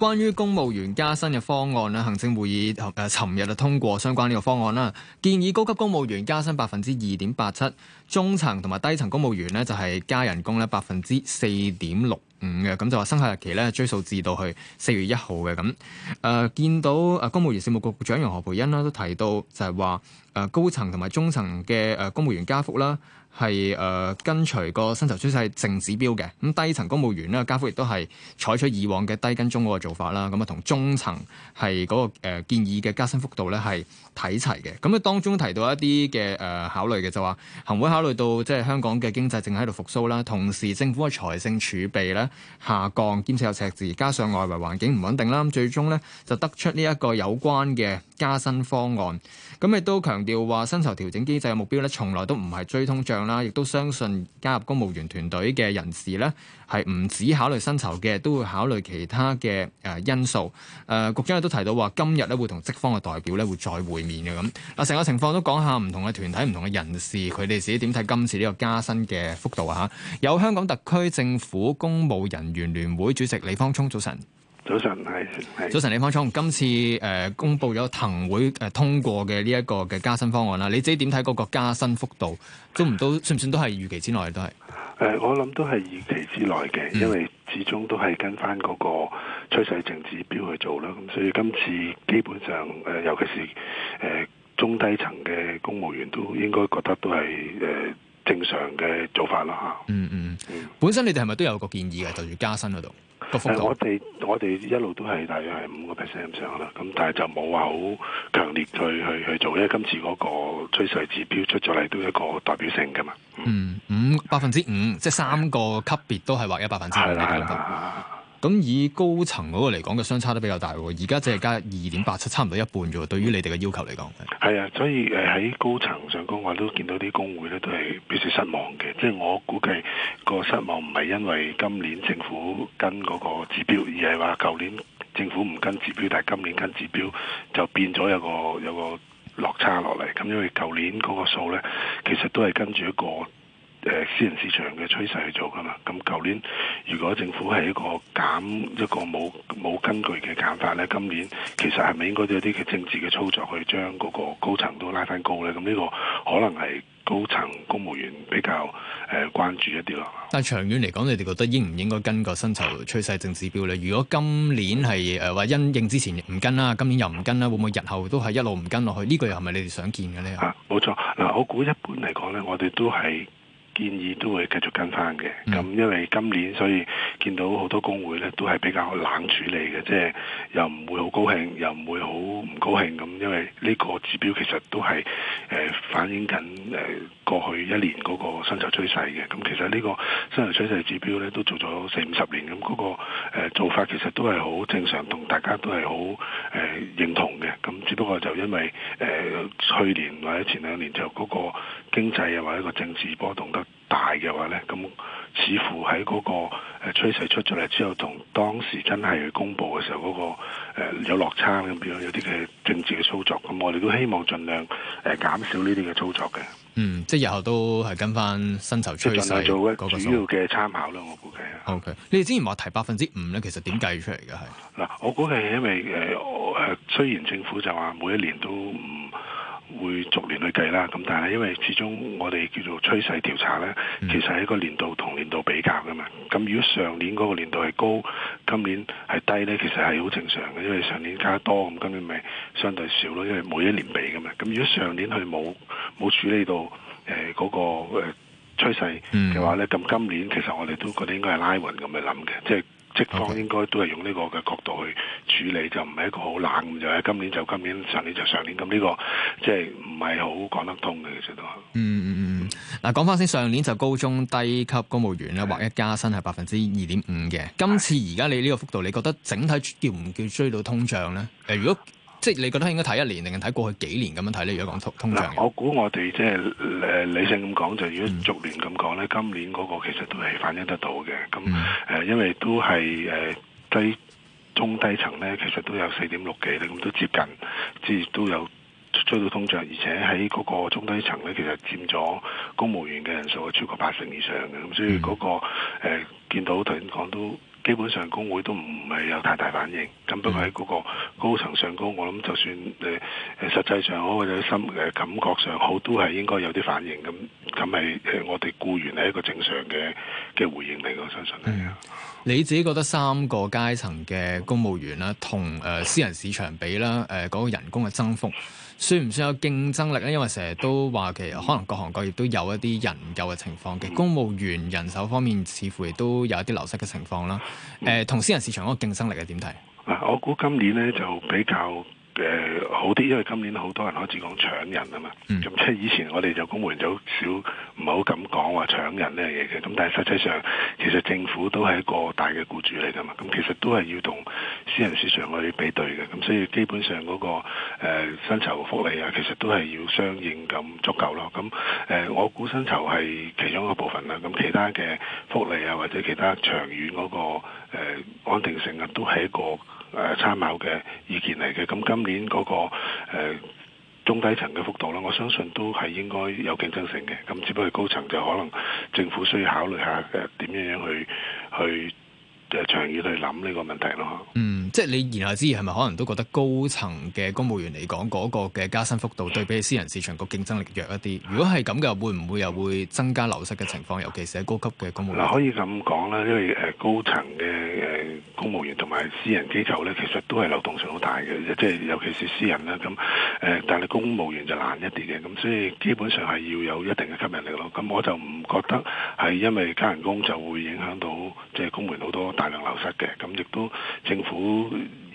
關於公務員加薪嘅方案啦，行政會議誒，尋日啊通過相關呢個方案啦，建議高級公務員加薪百分之二點八七，中層同埋低層公務員呢就係加人工咧百分之四點六五嘅。咁就話生效日期咧，追溯至到去四月一號嘅咁誒，見到誒公務員事務局局長楊何蓓茵啦，都提到就係話誒高層同埋中層嘅誒公務員加幅啦。係誒、呃、跟隨個薪酬趨勢淨指標嘅，咁低層公務員呢，加幅亦都係採取以往嘅低跟中嗰個做法啦，咁啊同中層係嗰個建議嘅加薪幅度呢係睇齊嘅。咁啊當中提到一啲嘅誒考慮嘅就話，行會考慮到即係香港嘅經濟正喺度復甦啦，同時政府嘅財政儲備呢下降，兼且有赤字，加上外圍環境唔穩定啦，咁最終呢，就得出呢一個有關嘅加薪方案。咁亦都強調話薪酬調整機制嘅目標呢，從來都唔係追通脹。啦，亦都相信加入公務員團隊嘅人士呢，係唔止考慮薪酬嘅，都會考慮其他嘅誒因素。誒、呃，局長亦都提到話，今日呢會同職方嘅代表呢會再會面嘅咁。嗱，成個情況都講下唔同嘅團體、唔同嘅人士，佢哋自己點睇今次呢個加薪嘅幅度啊？有香港特區政府公務人員聯會主席李方冲，早晨。早晨，係早晨，李方冲，今次誒、呃、公布咗行會誒、呃、通過嘅呢一個嘅加薪方案啦，你自己點睇嗰個加薪幅度都唔都算唔算都係預期之內都係？誒、呃，我諗都係預期之內嘅，因為始終都係跟翻嗰個趨勢性指標去做啦。咁、呃、所以今次基本上誒、呃，尤其是誒、呃、中低層嘅公務員都應該覺得都係誒、呃、正常嘅做法啦。吓、呃嗯，嗯嗯，本身你哋係咪都有個建議嘅，就要、是、加薪嗰度？我哋我哋一路都係大約係五個 percent 咁上啦，咁但係就冇話好強烈去去去做，因為今次嗰個趨勢指標出咗嚟都一個代表性噶嘛。嗯，五百分之五， 即係三個級別都係劃一百分之 r 係啦，係啦。咁以高層嗰個嚟講嘅相差都比較大喎，而家只係加二點八七，差唔多一半啫喎。對於你哋嘅要求嚟講，係啊，所以誒喺高層上崗我都見到啲工會咧都係表示失望嘅。即係我估計個失望唔係因為今年政府跟嗰個指標，而係話舊年政府唔跟指標，但係今年跟指標就變咗有個有個落差落嚟。咁因為舊年嗰個數咧，其實都係跟住一個，誒私人市場嘅趨勢去做㗎嘛，咁舊年如果政府係一個減一個冇冇根據嘅減法咧，今年其實係咪應該都有啲政治嘅操作去將嗰個高層都拉翻高咧？咁呢個可能係高層公務員比較誒、呃、關注一啲咯。但係長遠嚟講，你哋覺得應唔應該跟個薪酬趨勢淨指標咧？如果今年係誒話因應之前唔跟啦，今年又唔跟啦，會唔會日後都係一路唔跟落去？呢、這個又係咪你哋想見嘅呢啊？啊，冇錯嗱，我估一般嚟講咧，我哋都係。建議都會繼續跟翻嘅，咁、嗯、因為今年所以見到好多工會咧都係比較冷處理嘅，即、就、係、是、又唔會好高興，又唔會好唔高興咁，因為呢個指標其實都係誒、呃、反映緊誒過去一年嗰個薪酬趨勢嘅。咁其實呢個薪酬趨勢指標咧都做咗四五十年，咁嗰、那個、呃、做法其實都係好正常，同大家都係好誒。呃就因為誒，去年或者前兩年就嗰個經濟啊或者個政治波動得大嘅話咧，咁。似乎喺嗰個誒趨勢出咗嚟之後，同當時真係公佈嘅時候嗰、嗰個有落差咁樣，有啲嘅政治嘅操作咁，我哋都希望儘量誒減、呃、少呢啲嘅操作嘅。嗯，即係日後都係跟翻薪酬趨勢做一個主要嘅參考啦，我估計。O、okay. K，你哋之前話提百分之五咧，其實點計出嚟嘅係？嗱、嗯，我估係因為誒誒、呃，雖然政府就話每一年都唔。嗯會逐年去計啦，咁但係因為始終我哋叫做趨勢調查咧，其實係一個年度同年度比較㗎嘛。咁如果上年嗰個年度係高，今年係低咧，其實係好正常嘅，因為上年加多，咁今年咪相對少咯，因為每一年比㗎嘛。咁如果上年佢冇冇處理到誒嗰、呃那個誒趨勢嘅話咧，咁、嗯、今年其實我哋都覺得應該係拉勻咁去諗嘅，即、就、係、是。方 Okay. 應該都係用呢個嘅角度去處理，就唔係一個好冷就係、是、今年就今年，上年就上年咁呢、這個，即係唔係好講得通嘅，其實都係。嗯嗯嗯嗱，講返先，上年就高中低級公務員咧，或者的加薪係百分之二點五嘅。的今次而家你呢個幅度，你覺得整體叫唔叫追到通脹咧？誒，如果即係你覺得應該睇一年，定係睇過去幾年咁樣睇呢？如果講通通脹我估我哋即係誒理性咁講，就如果逐年咁講咧，今年嗰個其實都係反映得到嘅。咁誒、嗯呃，因為都係誒低中低層咧，其實都有四點六幾咧，咁都接近，即係都有追到通脹，而且喺嗰個中低層咧，其實佔咗公務員嘅人數係超過八成以上嘅。咁所以嗰、嗰個誒、嗯呃、見到頭先講都。基本上工會都唔係有太大反應，咁不過喺嗰個高層上高，我諗就算誒誒實際上好或者心嘅感覺上好，都係應該有啲反應，咁咁係誒我哋僱員係一個正常嘅嘅回應嚟，嘅，我相信咧。 你自己覺得三個階層嘅公務員啦，同誒、呃、私人市場比啦，誒嗰個人工嘅增幅算唔算有競爭力咧？因為成日都話其實可能各行各業都有一啲人夠嘅情況嘅，公務員人手方面似乎亦都有一啲流失嘅情況啦。誒、呃，同私人市場嗰個競爭力係點睇？嗱，我估今年咧就比較。誒好啲，嗯、因為今年好多人開始講搶人啊嘛，咁即係以前我哋就公務員就少唔好咁講話搶人呢樣嘢嘅，咁但係實際上其實政府都係一個大嘅僱主嚟噶嘛，咁其實都係要同私人市場去比對嘅，咁所以基本上嗰、那個、呃、薪酬福利啊，其實都係要相應咁足夠咯，咁誒、呃、我估薪酬係其中一個部分。其他嘅福利啊，或者其他長遠嗰個誒安定性啊，都係一個誒參考嘅意見嚟嘅。咁今年嗰個誒中低層嘅幅度啦，我相信都係應該有競爭性嘅。咁只不過高層就可能政府需要考慮下誒點樣樣去去。就長遠去諗呢個問題咯。嗯，即係你言下之意係咪可能都覺得高層嘅公務員嚟講嗰個嘅加薪幅度對比私人市場個競爭力弱一啲？如果係咁嘅，會唔會又會增加流失嘅情況？尤其是喺高級嘅公務員嗱、嗯，可以咁講啦，因為誒高層嘅誒公務員同埋私人機構咧，其實都係流動性好大嘅，即係尤其是私人啦咁誒，但係公務員就難一啲嘅，咁所以基本上係要有一定嘅吸引力咯。咁我就唔覺得係因為加人工就會影響到即係公務員好多。大量流失嘅，咁亦都政府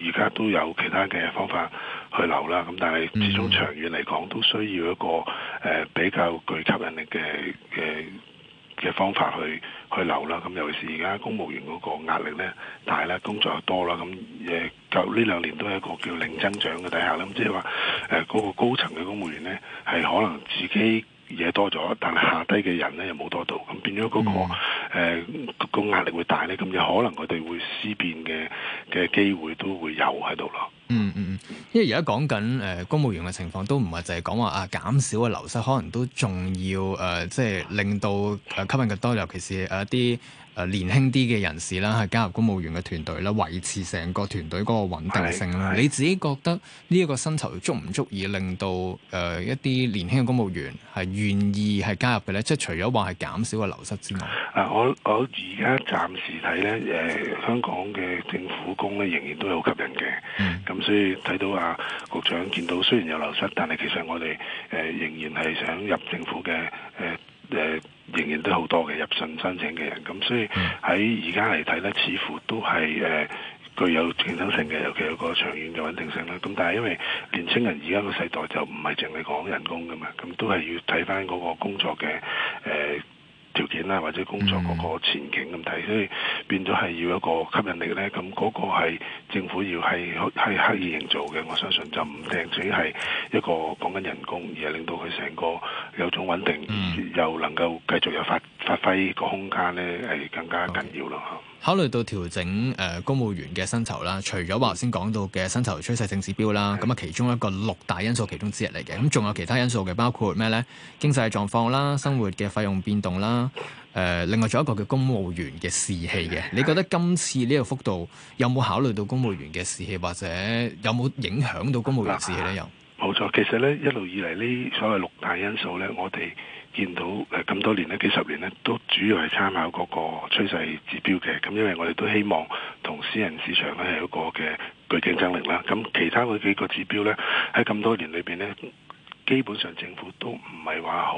而家都有其他嘅方法去留啦。咁但係始終長遠嚟講都需要一個誒比較具吸引力嘅嘅嘅方法去去留啦。咁尤其是而家公務員嗰個壓力咧，但係咧工作又多啦。咁誒就呢兩年都係一個叫零增長嘅底下啦。咁即係話誒嗰個高層嘅公務員咧，係可能自己。 嘢多咗，但係下低嘅人咧又冇多到，咁變咗嗰、嗰個誒、嗯呃嗰個壓力會大咧，咁有可能佢哋會思變嘅嘅機會都會有喺度咯。嗯嗯嗯，因為而家講緊誒公務員嘅情況，都唔係就係講話啊減少嘅流失，可能都仲要誒、呃，即係令到誒吸引嘅多，尤其是誒一啲。年輕啲嘅人士啦，係加入公務員嘅團隊啦，維持成個團隊嗰個穩定性啦。你自己覺得呢一個薪酬足唔足以令到誒、呃、一啲年輕嘅公務員係願意係加入嘅呢？即係除咗話係減少嘅流失之外，我而家暫時睇呢，誒、呃、香港嘅政府工咧仍然都係好吸引嘅，咁、嗯、所以睇到啊局長見到雖然有流失，但係其實我哋誒、呃、仍然係想入政府嘅誒誒。呃呃仍然都好多嘅入信申請嘅人，咁所以喺而家嚟睇咧，似乎都係誒、呃、具有競爭性嘅，尤其係個長遠嘅穩定性啦。咁但係因為年青人而家個世代就唔係淨係講人工噶嘛，咁都係要睇翻嗰個工作嘅誒、呃、條件啦，或者工作嗰個前景。嗯所以變咗係要一個吸引力咧，咁嗰個係政府要係係刻意營造嘅，我相信就唔單止係一個講緊人工，而係令到佢成個有種穩定，又能夠繼續有發發揮個空間咧，係更加緊要咯。考慮到調整誒、呃、公務員嘅薪酬啦，除咗話先講到嘅薪酬趨勢性指標啦，咁啊其中一個六大因素其中之一嚟嘅，咁仲有其他因素嘅，包括咩咧？經濟嘅狀況啦，生活嘅費用變動啦，誒、呃、另外仲有一個叫公務員嘅士氣嘅。你覺得今次呢個幅度有冇考慮到公務員嘅士氣，或者有冇影響到公務員士氣咧？有冇錯，其實咧一路以嚟呢所謂六大因素咧，我哋。見到誒咁多年咧，幾十年咧，都主要係參考嗰個趨勢指標嘅。咁因為我哋都希望同私人市場咧有一個嘅具競爭力啦。咁其他嗰幾個指標呢，喺咁多年裏邊咧。基本上政府都唔係話好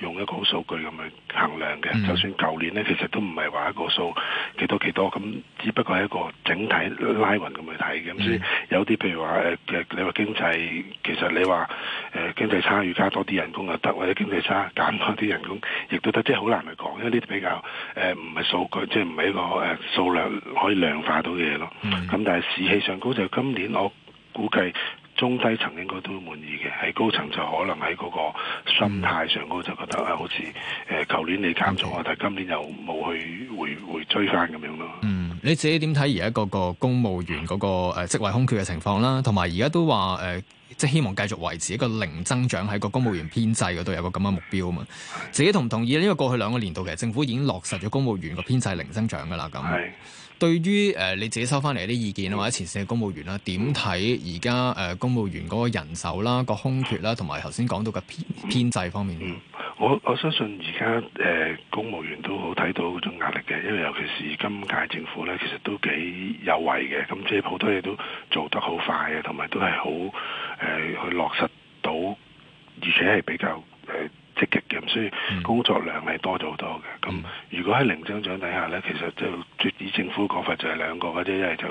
用一個數據咁去衡量嘅。嗯、就算舊年咧，其實都唔係話一個數幾多幾多，咁只不過係一個整體拉匀咁去睇嘅。咁、嗯、所以有啲譬如話，話、呃、誒，你話經濟，其實你話誒、呃、經濟差，要加多啲人工又得，或者經濟差減多啲人工亦都得，即係好難去講，因為呢啲比較誒唔係數據，即係唔係一個誒數、呃、量可以量化到嘅嘢咯。咁、嗯嗯、但係士氣上高就今年我估計。中低層應該都滿意嘅，喺高層就可能喺嗰個心態上，嗰就覺得啊，好似誒，舊年你減咗，Okay. 但係今年又冇去回回追翻咁樣咯。嗯，mm. 你自己點睇而家嗰個公務員嗰個誒職位空缺嘅情況啦，同埋而家都話誒、呃，即係希望繼續維持一個零增長喺個公務員編制嗰度有個咁嘅目標啊嘛。Mm. 自己同唔同意咧？因為過去兩個年度其實政府已經落實咗公務員個編制零增長噶啦，咁。Mm. Mm. Mm. 對於誒你自己收翻嚟啲意見啊，嗯、或者前線嘅公務員啦，點睇而家誒公務員嗰個人手啦、個空缺啦，同埋頭先講到嘅編編制方面？嗯、我我相信而家誒公務員都好睇到嗰種壓力嘅，因為尤其是今屆政府咧，其實都幾有為嘅，咁即係好多嘢都做得好快嘅，同埋都係好誒去落實到，而且係比較誒。呃積極嘅，嗯、所以工作量係多咗好多嘅。咁如果喺零增長底下呢，其實就以政府講法就係兩個或者一係就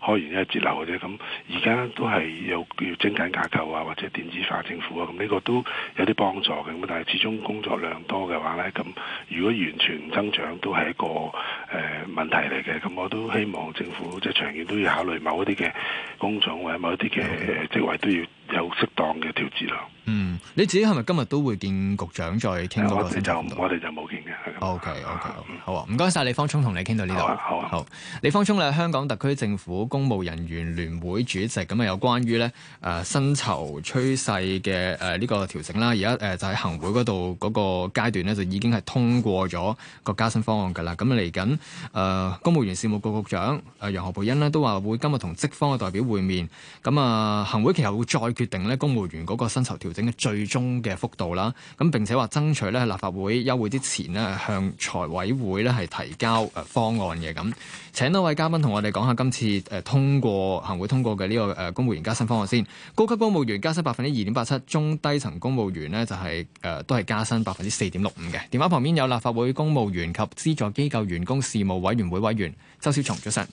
開源，一係節流嘅啫。咁而家都係有要精簡架構啊，或者電子化政府啊，咁呢個都有啲幫助嘅。咁但係始終工作量多嘅話呢，咁如果完全唔增長都係一個。.誒問題嚟嘅，咁我都希望政府即係長遠都要考慮某一啲嘅工種或者某一啲嘅職位都要有適當嘅調節咯。嗯，你自己係咪今日都會見局長再傾多一次？我哋就我哋就冇見嘅。OK OK，、uh, 好啊，唔該晒。李方冲同你傾到呢度。好好，李方冲咧，香港特區政府公務人員聯會主席，咁啊，有關於咧誒、呃、薪酬趨勢嘅誒呢個調整啦，而家誒就喺行會嗰度嗰個階段咧，就已經係通過咗個加薪方案噶啦，咁嚟緊。誒、呃、公務員事務局局長誒、呃、楊學培欣楊何蓓茵咧都話會今日同職方嘅代表會面，咁、嗯、啊、呃、行會其後會再決定咧公務員嗰個薪酬調整嘅最終嘅幅度啦，咁、啊、並且話爭取咧立法會休會之前咧向財委會咧係提交誒方案嘅咁。請多位嘉賓同我哋講下今次誒通過行會通過嘅呢、這個誒、呃、公務員加薪方案先。高級公務員加薪百分之二點八七，中低層公務員呢就係、是、誒、呃、都係加薪百分之四點六五嘅。電話旁邊有立法會公務員及資助機構員工。事務委員會委員周小松，早晨，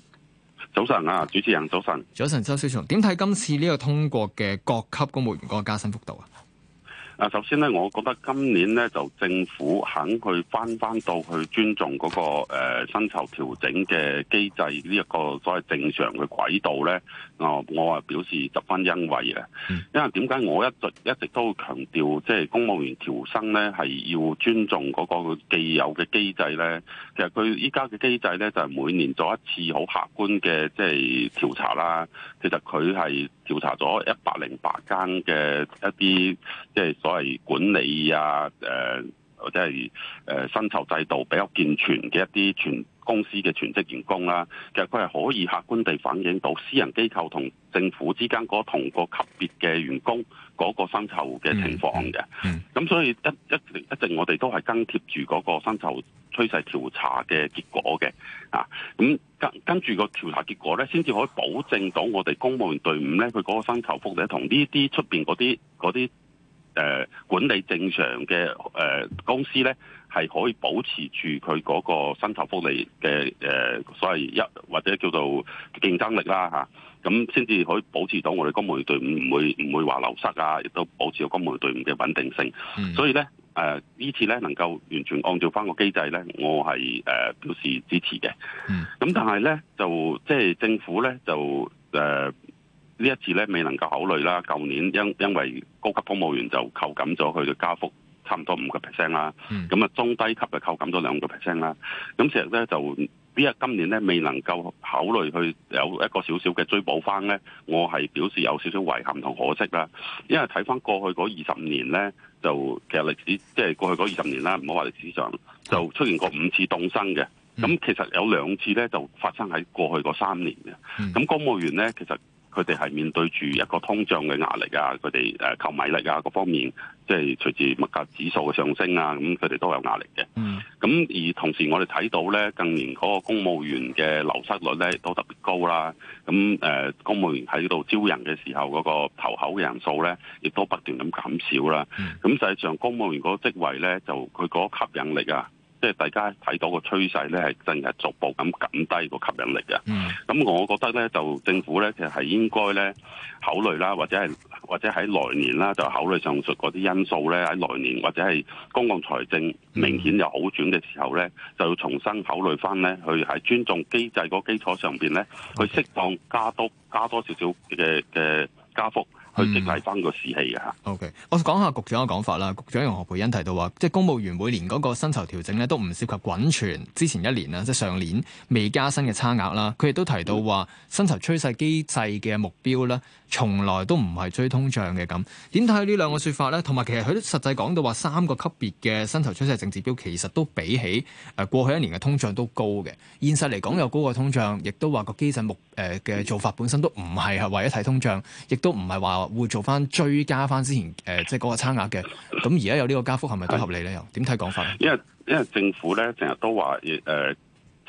早晨啊，主持人早晨，早晨，周小松，點睇今次呢個通過嘅各級公務員嗰個加薪幅度啊？啊，首先咧，我覺得今年咧就政府肯去返返到去尊重嗰個薪酬調整嘅機制呢一個所謂正常嘅軌道咧，啊，我啊表示十分欣慰嘅。因為點解我一一直都強調即係公務員調薪咧，係要尊重嗰個既有嘅機制咧。其實佢依家嘅機制咧就係每年做一次好客觀嘅即係調查啦。其實佢係。調查咗一百零八間嘅一啲，即係所謂管理啊，誒、呃，或者係誒薪酬制度比較健全嘅一啲全。公司嘅全職員工啦，其實佢係可以客觀地反映到私人機構同政府之間嗰同個級別嘅員工嗰個薪酬嘅情況嘅。咁、嗯嗯、所以一一直一直我哋都係跟貼住嗰個薪酬趨勢調查嘅結果嘅。啊，咁跟跟住個調查結果咧，先至可以保證到我哋公務員隊伍咧，佢嗰個薪酬福利同呢啲出邊嗰啲嗰啲誒管理正常嘅誒、呃、公司咧。係可以保持住佢嗰個薪酬福利嘅誒、呃，所謂一或者叫做競爭力啦嚇，咁先至可以保持到我哋公務員隊伍唔會唔會話流失啊，亦都保持到公務員隊伍嘅穩定性。Mm. 所以咧，誒、呃、呢次咧能夠完全按照返個機制咧，我係誒、呃、表示支持嘅。咁、mm. 但係咧，就即係、就是、政府咧就誒呢、呃、一次咧未能夠考慮啦。舊年，因因為高級公務員就扣減咗佢嘅加幅。差唔多五個 percent 啦，咁啊、嗯、中低級就扣減咗兩個 percent 啦。咁其實咧就，因為今年咧未能夠考慮去有一個少少嘅追補翻咧，我係表示有少少遺憾同可惜啦。因為睇翻過去嗰二十年咧，就其實歷史即係過去嗰二十年啦，唔好話歷史上，就出現過五次凍薪嘅。咁、嗯嗯、其實有兩次咧就發生喺過去嗰三年嘅。咁、嗯嗯、公務員咧其實。佢哋係面對住一個通脹嘅壓力啊，佢哋誒購買力啊各方面，即、就、係、是、隨住物價指數嘅上升啊，咁佢哋都有壓力嘅。咁、mm hmm. 而同時我，我哋睇到咧近年嗰個公務員嘅流失率咧都特別高啦。咁、嗯、誒、呃、公務員喺度招人嘅時候，嗰、那個投考嘅人數咧亦都不斷咁減少啦。咁實際上公務員嗰個職位咧，就佢嗰個吸引力啊。即係大家睇到個趨勢咧，係真係逐步咁減低個吸引力嘅。咁、mm. 嗯、我覺得咧，就政府咧，其實係應該咧考慮啦，或者係或者喺來年啦，就考慮上述嗰啲因素咧。喺來年或者係公共財政明顯有好轉嘅時候咧，就要重新考慮翻咧，去喺尊重機制個基礎上邊咧，去適當加多加多少少嘅嘅加幅。去釋懷翻個士氣嘅嚇。嗯、o、okay. K，我講下局長嘅講法啦。局長楊何蓓茵提到話，即係公務員每年嗰個薪酬調整咧，都唔涉及滾存之前一年啦，即係上年未加薪嘅差額啦。佢亦都提到話，薪酬趨勢機制嘅目標咧，從來都唔係追通脹嘅咁。點睇呢兩個説法咧？同埋其實佢都實際講到話三個級別嘅薪酬趨勢淨指標，其實都比起誒過去一年嘅通脹都高嘅。現實嚟講又高過通脹，亦都話個機制目誒嘅做法本身都唔係係為咗睇通脹，亦都唔係話。會做翻追加翻之前誒、呃，即係嗰個差額嘅。咁而家有呢個加幅係咪都合理咧？又點睇講法？因為因為政府咧成日都話誒，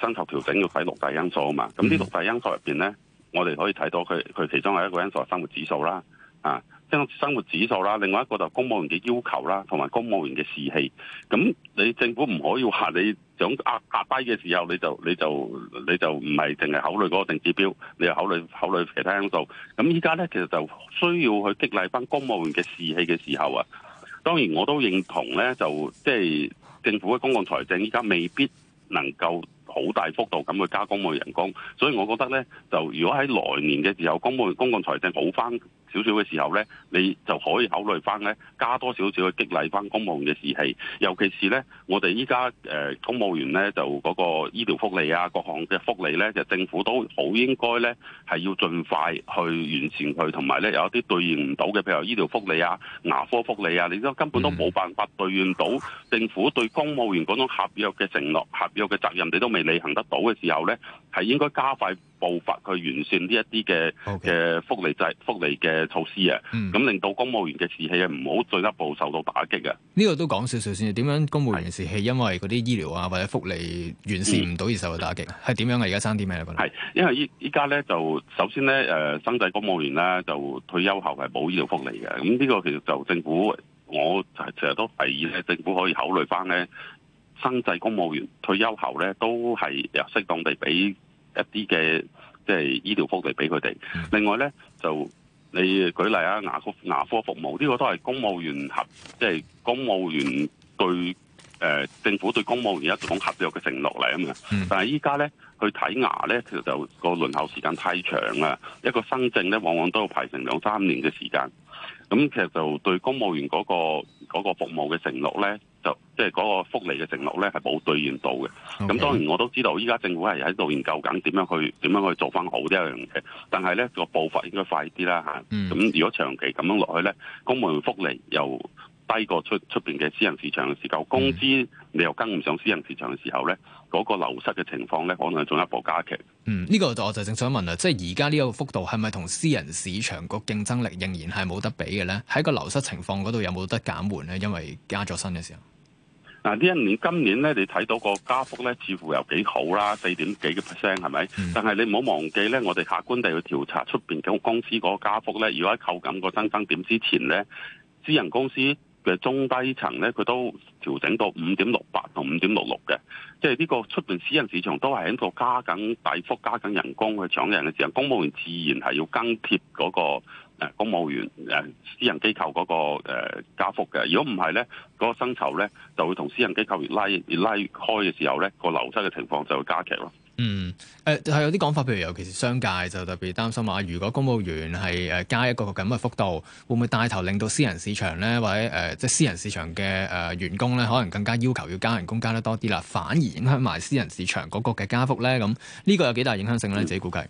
薪酬調整要睇六大因素啊嘛。咁呢六大因素入邊咧，我哋可以睇到佢佢其中有一個因素係生活指數啦。啊，即生活指數啦。另外一個就公務員嘅要求啦，同埋公務員嘅士氣。咁你政府唔可以話你。想壓壓低嘅時候，你就你就你就唔係淨係考慮嗰個定指標，你又考慮考慮其他因素。咁依家呢，其實就需要去激勵翻公務員嘅士氣嘅時候啊。當然我都認同呢，就即係、就是、政府嘅公共財政依家未必能夠好大幅度咁去加公務員人工，所以我覺得呢，就如果喺來年嘅時候，公務員公共財政好翻少少嘅時候呢，你就可以考慮翻呢加多少少嘅激勵翻公務員嘅士氣，尤其是呢，我哋依家誒公務員呢，就嗰個醫療福利啊，各項嘅福利呢，就政府都好應該呢，係要盡快去完善佢，同埋呢，有一啲兌現唔到嘅，譬如醫療福利啊、牙科福利啊，你都根本都冇辦法兌現到政府對公務員嗰種合約嘅承諾、合約嘅責任，你都未履行得到嘅時候呢，係應該加快。步伐去完善呢一啲嘅嘅福利制、Okay. 福利嘅措施啊，咁、嗯、令到公務員嘅士氣啊，唔好進一步受到打擊啊。嗯嗯、呢個都講少少先，點樣公務員士氣因為嗰啲醫療啊或者福利完善唔到而受到打擊？係點樣啊？而家生啲咩啊？係因為依依家咧就首先咧誒，新制公務員咧就退休後係冇醫療福利嘅，咁呢個其實就政府我其實都提議咧，政府可以考慮翻咧，新制公務員退休後咧都係由適當地俾。一啲嘅即係醫療福利俾佢哋，另外咧，就你舉例啊，牙科牙科服務，呢個都係公務員合即係公務員對誒、呃、政府對公務員一種合作嘅承諾嚟啊嘛，但係依家咧去睇牙咧其實就個輪候時間太長啦，一個新症咧往往都要排成兩三年嘅時間。咁其實就對公務員嗰、嗰個、嗰個服務嘅承諾咧，就即係嗰個福利嘅承諾咧，係冇兌現到嘅。咁 Okay. 當然我都知道，依家政府係喺度研究緊點樣去點樣去做翻好呢一樣嘢。但係咧個步伐應該快啲啦吓。咁、啊 mm. 如果長期咁樣落去咧，公務員福利又低過出出邊嘅私人市場嘅時夠工資。Mm. 你又跟唔上私人市場嘅時候咧，嗰、那個流失嘅情況咧，可能係進一步加劇。嗯，呢、這個我就正想問啦，即係而家呢個幅度係咪同私人市場個競爭力仍然係冇得比嘅咧？喺個流失情況嗰度有冇得減緩咧？因為加咗薪嘅時候，嗱呢一年今年咧，你睇到個加幅咧，似乎又幾好啦，四點幾嘅 percent 係咪？是是嗯、但係你唔好忘記咧，我哋客觀地去調查出邊嘅公司嗰個加幅咧，如果喺扣緊個新增生點之前咧，私人公司。中低層咧，佢都調整到五點六八同五點六六嘅，即係呢個出邊私人市場都係喺個加緊大幅、加緊人工去搶人嘅時候，公務員自然係要跟貼嗰個公務員誒私人機構嗰個加幅嘅。如果唔係咧，嗰個薪酬咧就會同私人機構越拉越拉越開嘅時候咧，個流失嘅情況就會加劇咯。嗯，誒係有啲講法，譬如尤其是商界就特別擔心話，如果公務員係誒加一個咁嘅幅度，會唔會帶頭令到私人市場咧，或者誒即係私人市場嘅誒員工咧，可能更加要求要加人工加得多啲啦，反而影響埋私人市場嗰個嘅加幅咧？噉呢個有幾大影響性咧？自己估計。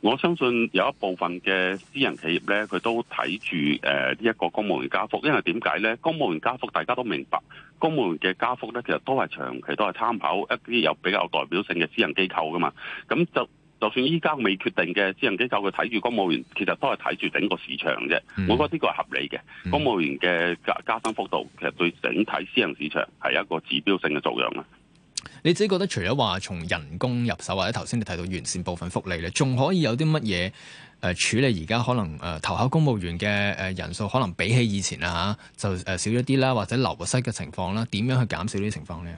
我相信有一部分嘅私人企業咧，佢都睇住誒呢一個公務員加幅，因為點解咧？公務員加幅大家都明白，公務員嘅加幅咧，其實都係長期都係參考一啲有比較代表性嘅私人機構噶嘛。咁就就算依家未決定嘅私人機構，佢睇住公務員，其實都係睇住整個市場啫。Mm hmm. 我覺得呢個係合理嘅，公務員嘅加加薪幅度其實對整體私人市場，係一個指標性嘅作用啊。你自己覺得除咗話從人工入手，或者頭先你提到完善部分福利咧，仲可以有啲乜嘢誒處理？而家可能誒、呃、投考公務員嘅誒人數可能比起以前啊嚇就誒、呃、少咗啲啦，或者流失嘅情況啦，點樣去減少呢啲情況咧？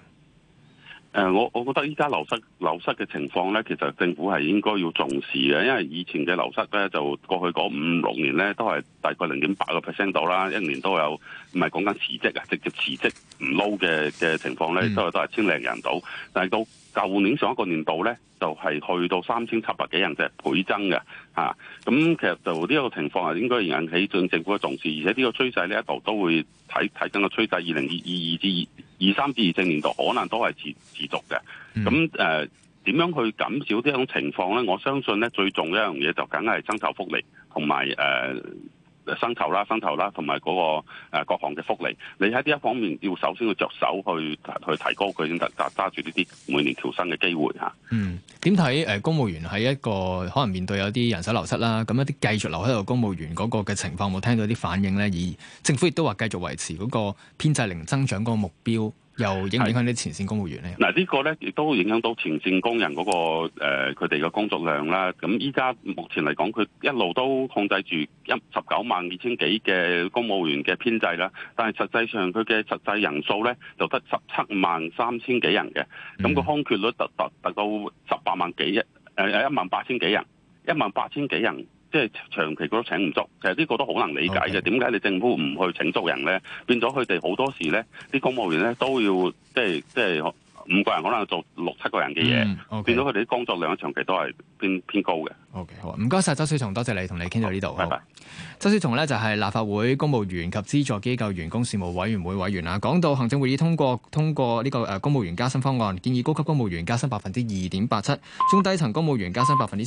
誒，我我覺得依家流失流失嘅情況咧，其實政府係應該要重視嘅，因為以前嘅流失咧，就過去嗰五六年咧，都係大概零點八個 percent 度啦，一年都有，唔係講緊辭職啊，直接辭職唔撈嘅嘅情況咧，都係都係千零人度，但係都。舊年上一個年度咧，就係去到三千七百幾人嘅倍增嘅，啊，咁其實就呢個情況係應該引起盡政府嘅重視，而且呢個趨勢呢一度都會睇睇緊個趨勢，二零二二至二三至二四年度可能都係持持續嘅，咁誒點樣去減少呢種情況咧？我相信咧，最重要一樣嘢就梗係增厚福利同埋誒。薪酬啦，薪酬啦，同埋嗰個誒各項嘅福利，你喺呢一方面要首先要着手去去提高佢，先得揸住呢啲每年調薪嘅機會吓。嗯，點睇，誒公務員喺一個可能面對有啲人手流失啦，咁一啲繼續留喺度公務員嗰個嘅情況，冇聽到啲反應咧？而政府亦都話繼續維持嗰個編制零增長嗰個目標。又影，影響啲前線公務員呢？嗱，呢個呢亦都影響到前線工人嗰、嗰個誒，佢哋嘅工作量啦。咁依家目前嚟講，佢一路都控制住一十九萬二千幾嘅公務員嘅編制啦，但係實際上佢嘅實際人數呢就得十七萬三千幾人嘅。咁個、嗯、空缺率達達達到十八萬幾一誒一萬八千幾人，一萬八千幾人。18, 即係長期都請唔足，其實呢個都好難理解嘅。點解 Okay. 你政府唔去請足人呢？變咗佢哋好多時呢啲公務員呢都要即係即係五個人可能做六七個人嘅嘢，mm. Okay. 變咗佢哋啲工作量長期都係偏偏高嘅。OK，好，唔該晒，周小松，多謝你同你傾到呢度。Bye bye. 周小松呢就係、是、立法會公務員及資助機構員工事務委員會委員啦。講到行政會議通過通過呢個誒公務員加薪方案，建議高級公務員加薪百分之二點八七，中低層公務員加薪百分之。